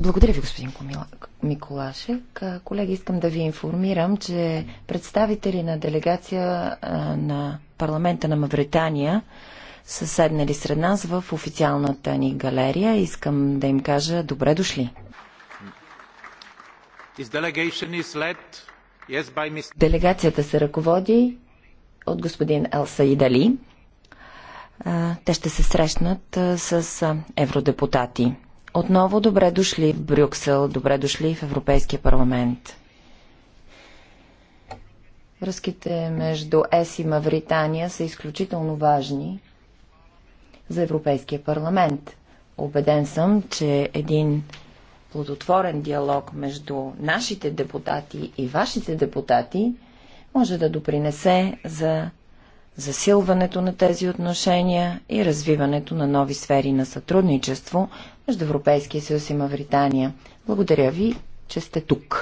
Благодаря ви, господин Миколашек. Колеги, искам да ви информирам, че представители на делегация на парламента на Мавритания са седнали сред нас в официалната ни галерия. Искам да им кажа добре дошли. Делегацията се ръководи от господин Елса Идали. Те ще се срещнат с евродепутати. Отново добре дошли в Брюксел, добре дошли в Европейския парламент. Връзките между ЕС и Мавритания са изключително важни за Европейския парламент. Обеден съм, че един плодотворен диалог между нашите депутати и вашите депутати може да допринесе за засилването на тези отношения и развиването на нови сфери на сътрудничество между Европейския съюз и Мавритания. Благодаря ви, че сте тук.